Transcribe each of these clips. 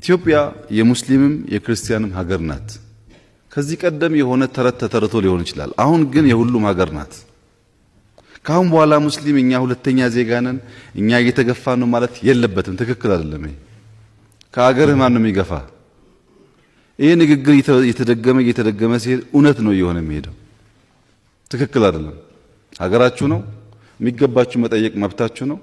ኢትዮጵያ የሙስሊምም የክርስቲያንም ሀገር ናት። ከዚህ ቀደም የሆነ ተረት ተተርቶ ሊሆን ይችላል። አሁን ግን የሁሉም ሀገር ናት። ከአሁን በኋላ ሙስሊም እኛ ሁለተኛ ዜጋ ነን፣ እኛ እየተገፋ ነው ማለት የለበትም። ትክክል አይደለም። ይሄ ከሀገርህ ማን ነው የሚገፋ? ይህ ንግግር እየተደገመ እየተደገመ ሲሄድ እውነት ነው እየሆነ የሚሄደው። ትክክል አይደለም። ሀገራችሁ ነው፣ የሚገባችሁ መጠየቅ መብታችሁ ነው።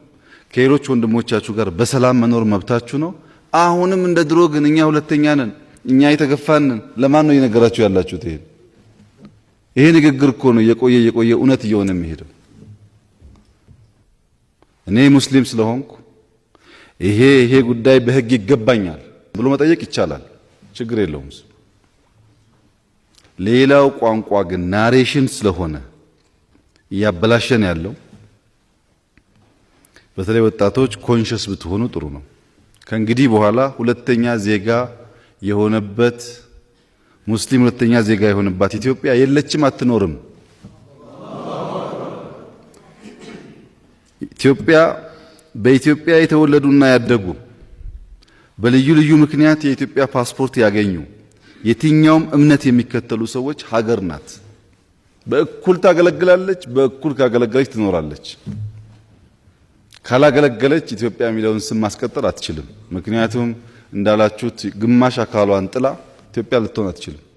ከሌሎች ወንድሞቻችሁ ጋር በሰላም መኖር መብታችሁ ነው። አሁንም እንደ ድሮ ግን እኛ ሁለተኛ ነን፣ እኛ የተገፋንን። ለማን ነው እየነገራችሁ ያላችሁት? ይሄ ይሄ ንግግር እኮ ነው የቆየ የቆየ እውነት እየሆነ የሚሄደው። እኔ ሙስሊም ስለሆንኩ ይሄ ይሄ ጉዳይ በህግ ይገባኛል ብሎ መጠየቅ ይቻላል፣ ችግር የለውም። ሌላው ቋንቋ ግን ናሬሽን ስለሆነ እያበላሸን ያለው በተለይ ወጣቶች ኮንሽስ ብትሆኑ ጥሩ ነው። ከእንግዲህ በኋላ ሁለተኛ ዜጋ የሆነበት ሙስሊም ሁለተኛ ዜጋ የሆነባት ኢትዮጵያ የለችም፣ አትኖርም። ኢትዮጵያ በኢትዮጵያ የተወለዱና ያደጉ በልዩ ልዩ ምክንያት የኢትዮጵያ ፓስፖርት ያገኙ የትኛውም እምነት የሚከተሉ ሰዎች ሀገር ናት። በእኩል ታገለግላለች። በእኩል ካገለገለች ትኖራለች። ካላገለገለች ኢትዮጵያ የሚለውን ስም ማስቀጠል አትችልም። ምክንያቱም እንዳላችሁት ግማሽ አካሏን ጥላ ኢትዮጵያ ልትሆን አትችልም።